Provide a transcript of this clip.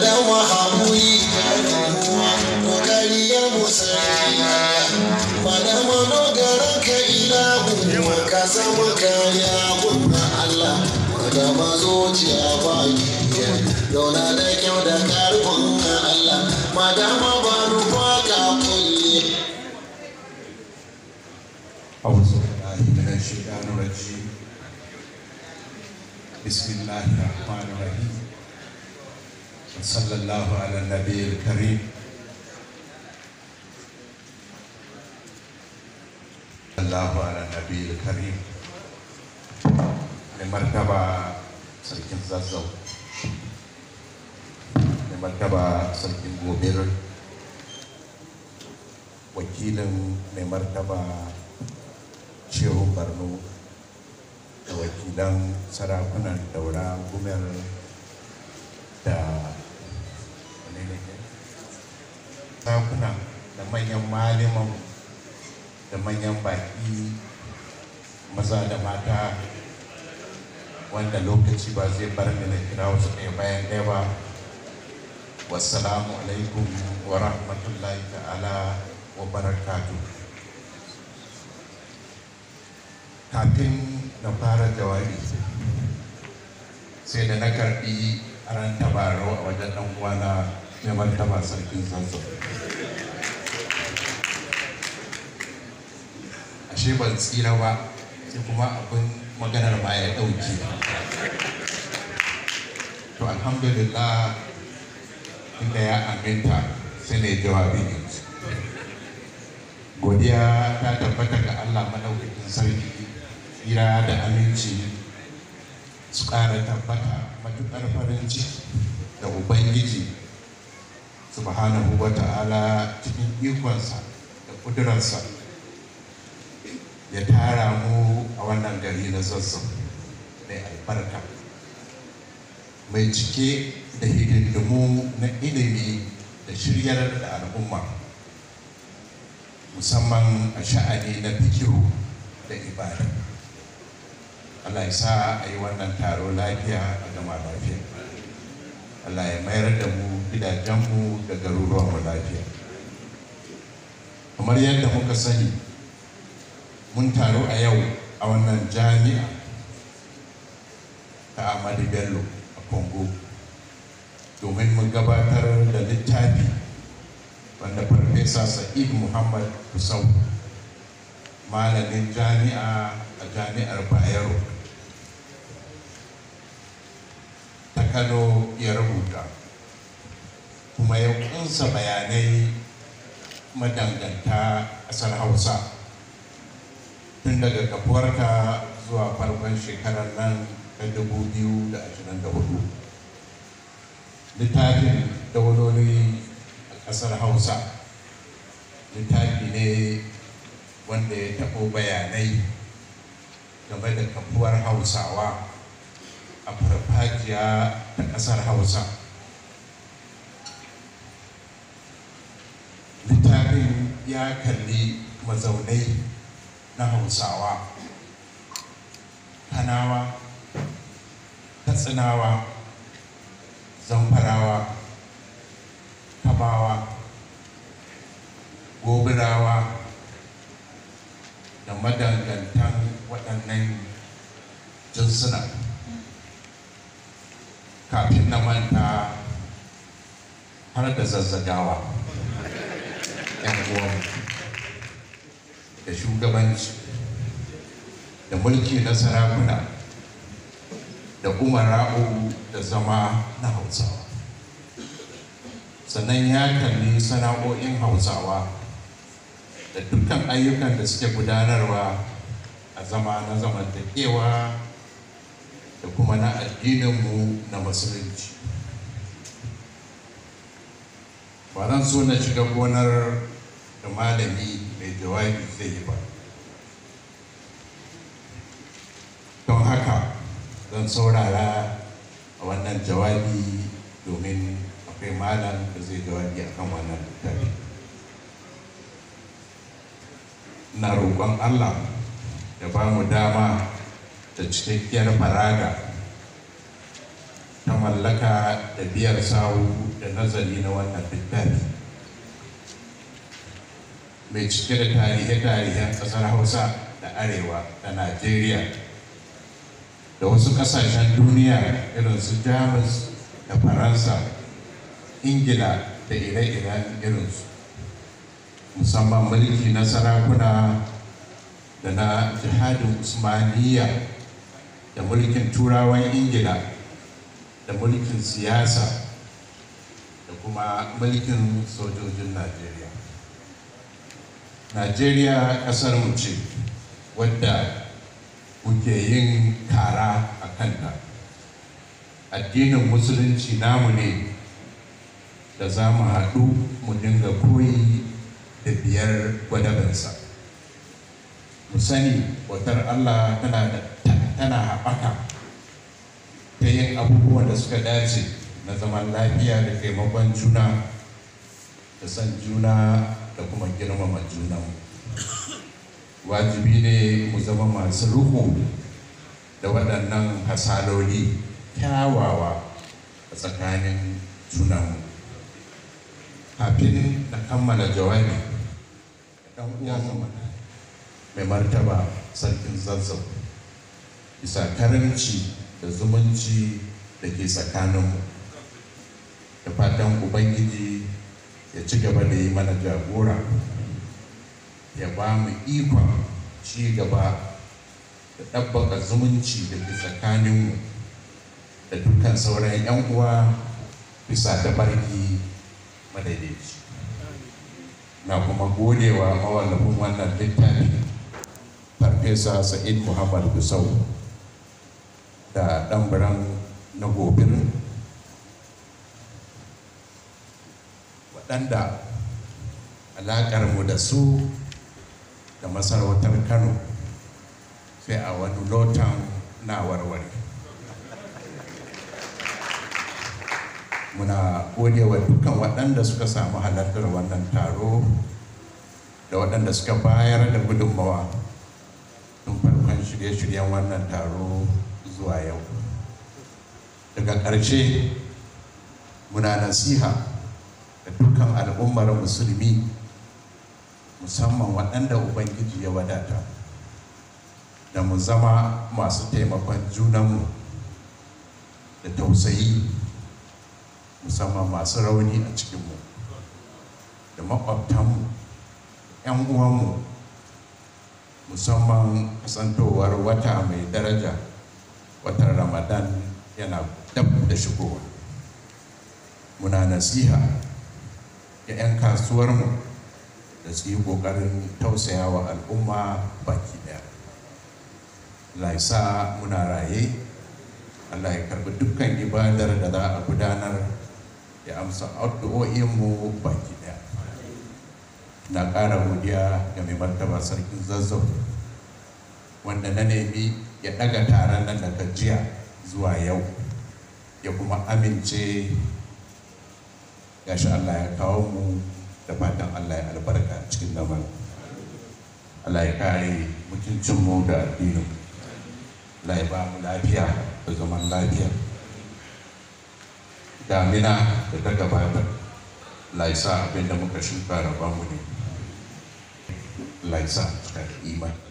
dama haƙuri ƙoƙari ya musari fada mano garan ka ilahu ka zama kariya gudna Allah daga mazociya ba giya zauna da kyau da ƙarfin Allah madama ba rufa ka kulle. أعوذ بالله من الشيطان صلى الله على النبي الكريم صلى الله على النبي الكريم لمرتبة سلكين زازو لمرتبة سلكين غوبير وكيل لمرتبة شيخ برنو da wakilan sarakunan daura da sarakuna da manyan malaman da manyan baki maza da mata wanda lokaci ba zai bar ni na kira wasu ɗaya bayan ɗaya ba wasalamu alaikum wa rahmatullahi ta'ala wa barakatu kafin na fara jawabi sai da na karɓi ran tabarau a wajen ɗan uwana mai ba sarkin zazzau ashe ban tsira ba sai kuma abin maganar ma ya ba. to alhamdulillah inda ya aminta sai ne jawabi godiya ta tabbata ga allah maɗaukakin sarki tsira da aminci su ƙara tabbata matuƙar farin ciki da ubangiji subhanahu wa ta'ala cikin ikonsa da kudurarsa ya tara mu a wannan gari na zazzau mai albarka mai cike da hidindimu na ilimi da shiryar da al'umma musamman a sha'ani na fikiru da ibada Allah ya sa a yi wannan taro lafiya a gama lafiya Allah ya mayar da mu gidajenmu da garuruwanmu lafiya kamar yadda muka sani mun taru a yau a wannan jami'a ta Amadu Bello a Congo domin mu gabatar da littafi wanda farfesa Sa'id Muhammad Kusau malamin jami'a a jami'ar Bayero kano ya rubuta kuma ya kunsa bayanai madanganta ƙasar hausa tun daga kafuwarta zuwa farkon shekarar nan ta hudu. littafin dauloli a ƙasar hausa littafi ne wanda ya taɓo bayanai game da kafuwar hausawa a farfajiya ta ƙasar hausa littafin ya kalli mazaunai na hausawa hanawa katsinawa zamfarawa kabawa gobirawa da madangantan waɗannan jinsunan manta har da zazzagawa yan uwanmu da shugabanci da mulki na sarakuna da umara'u da zama na hausawa sannan ya kalli sana'o'in hausawa da dukkan ayyukan da suke gudanarwa a zama na zamantakewa da kuma na addininmu na musulunci ba zan so na shiga gonar da malami mai jawabi zai yi ba don haka zan saurara a wannan jawabi domin akwai malam da zai jawabi a kan wannan littafi na roƙon allah da ba mu dama da cikakkiyar faraga ta mallaka da biyar sawu da nazari na wannan littafi mai cike da tarihe-tarihen ƙasar hausa da arewa da najeriya da wasu ƙasashen duniya irin su jamus da faransa ingila da ire-iren irinsu musamman mulki na sarakuna da na jihadin Usmaniyya. da mulkin turawan ingila da mulkin siyasa da kuma mulkin sojojin najeriya najeriya kasar mu ce wadda kuke yin kara a kanta addinin musulunci namu ne da za mu haɗu mu dinga koyi da biyar gwadabinsa mu sani bautar allah tana da tana haɓaka ta yin abubuwan da suka dace na zaman lafiya da taimakon juna da san juna da kuma girmama juna wajibi ne mu zama masu ruhu da waɗannan hasaloli kyawawa a tsakanin juna. kafin na kammala jawabi ɗan uwa mai martaba sarkin zazzau bisa karanci da zumunci da ke tsakaninmu da fatan ubangiji ya ci gaba da yi mana jagora ya ba mu ikon ci gaba da ɗabbaka zumunci da ke tsakaninmu da dukkan sauran 'yan uwa bisa da barki madaidaici na kuma godewa mawallafin wannan littafi farfesa sa'id muhammad gusau da ɗanburan na gobir waɗanda alaƙarmu da su da masarautar kano sai a wani lotan na warware muna gode wa dukkan waɗanda suka samu halartar wannan taro da waɗanda suka bayar da gudunmawa tun farkon shirye-shiryen wannan taro zuwa yau daga ƙarshe muna nasiha da dukkan al'ummar musulmi musamman waɗanda ubangiji ya wadata da mu zama masu taimakon junanmu da tausayi musamman masu rauni a cikinmu da maƙwabtanmu 'yan uwanmu musamman kasantowar wata mai daraja watan ramadan yana dab da shigowa muna nasiha ga 'yan kasuwarmu da su yi ƙoƙarin tausaya wa al'umma baki ɗaya laisa muna raye allah ya karbi dukkan ibadar da za a gudanar ya amsa addu'o'inmu baki ɗaya na ƙara godiya ga mai martaba sarkin zazzau wanda na nemi ya daga taron nan daga jiya zuwa yau ya kuma amince yashi Allah ya kawo mu da fatan Allah ya albarka cikin zaman Allah ya kare mutuncinmu da addinin Allah ya ba mu lafiya da zaman lafiya damina da ta gabatar laisa abinda sa muka shuka mu ne laisa cikin imani